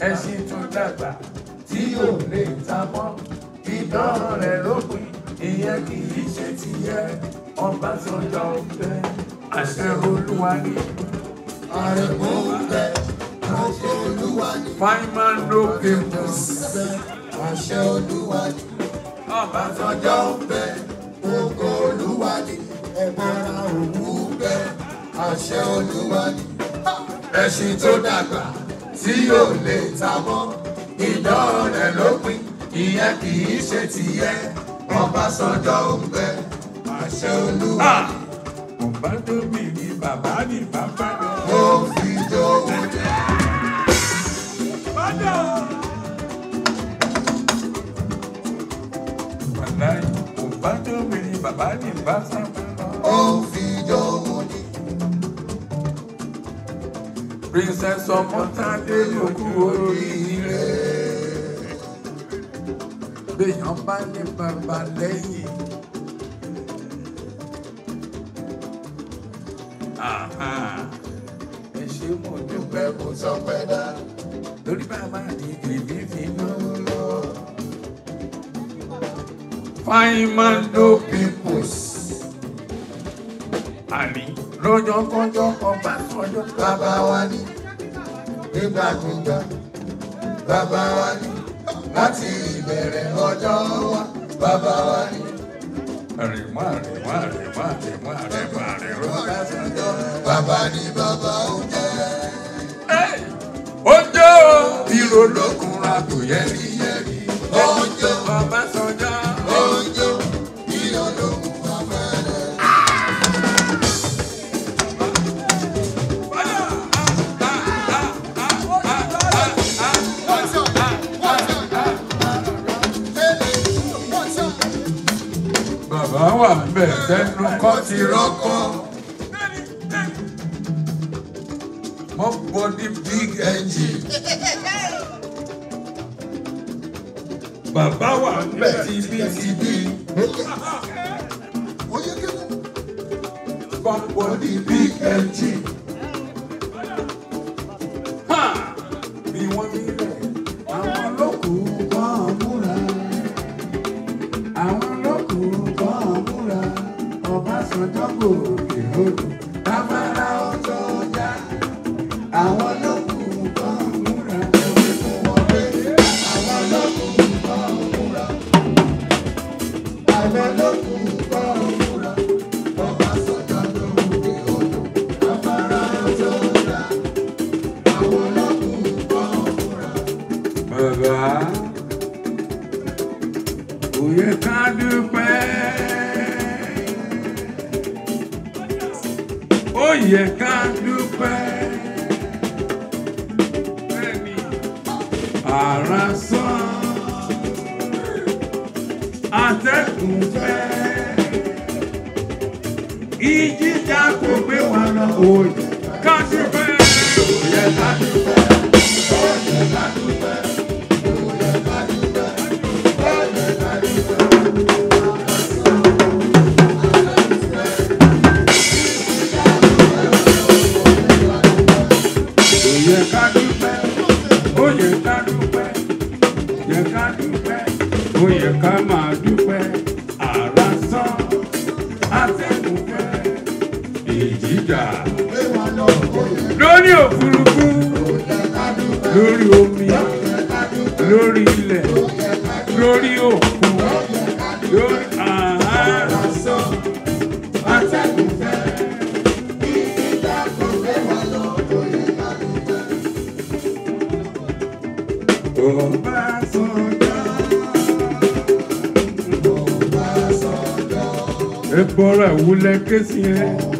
ẹṣin tún dàgbà tí yóò lè ta mọ́ ìdánràn rẹ̀ lópin ìyẹn kì í ṣe tìyẹ ọba sọjà ọbẹ àṣẹ olúwa ni. ààrẹ kò ń bẹ àṣẹ olúwa ni. fireman no papers. àṣẹ olúwa ni. ọba sọjà ọbẹ ògo olúwa ni. ẹgbẹ́ra òwú bẹ àṣẹ olúwa ni. ẹṣin tó dàgbà tí yóò lè ta mọ́ ìdán lópin ìyẹn kì í ṣe tìyẹ Ọbásanjọ́ ń àṣẹ Olúwa. Ah! ọba tó bàbá mi bàbá mi. ó fi jó wọlé. padà. wàláyé ọba tó bàbá mi bàbá mi. ó fi. princess ọmọtádé lókù oríire. béèyàn bá ní bàbá lẹ́yìn. ẹ ṣe mo dúpẹ́ mo sọ pé dá. lórí bàbá mi èmi fi ló lọ. fine man no peoples. Ami lọ́jọ́ kọjọ́ kan bá sọ́jọ́. bàbá wa ní nígbàkúgbà bàbá wa ní láti ìbẹ̀rẹ̀ ọjọ́ wa bàbá wa ní. àrèmọ àrèmọ àrèmọ àrèmọ àrèmọ àrèmọ àrèmọ. bàbá ni bàbá ó jẹ́. ó jẹ́ o. bí ló lókun ra yẹ rí. bàbá wà ńbẹ̀ tẹnu kọ́ ti rọ́kọ́. Mop body big engine. Bàbá wà ńbẹ̀ tibítibí. Mop body big engine. àtúntọ́gbò èrò afárá ọjọ́ ọjà àwọn lókùn kan múra ẹgbẹ́ fún wọn pé àwọn lókùn kan múra àwọn lókùn kan múra ọba sọjà tó ń gbé odò afárá ọjọ́ ọjà àwọn lókùn kan múra. bàbá kò yẹ ká dúpẹ́. ó yẹ ká dúpẹ́. Bẹ́ẹ̀ni, àrà sàn, atẹ́kùn fẹ́. Ìjì jà kò gbé wa lọ òòyì ká dúpẹ́. ó yẹ ká dúpẹ́ yẹ ká dúpẹ́ ó yẹ ká máa dúpẹ́ àrà sán àtẹnudẹ èjìjà lórí òfurufú ilẹ̀ lórí òkun lórí. ẹ bọ́ra ìwúlẹ̀ kéṣì yẹn.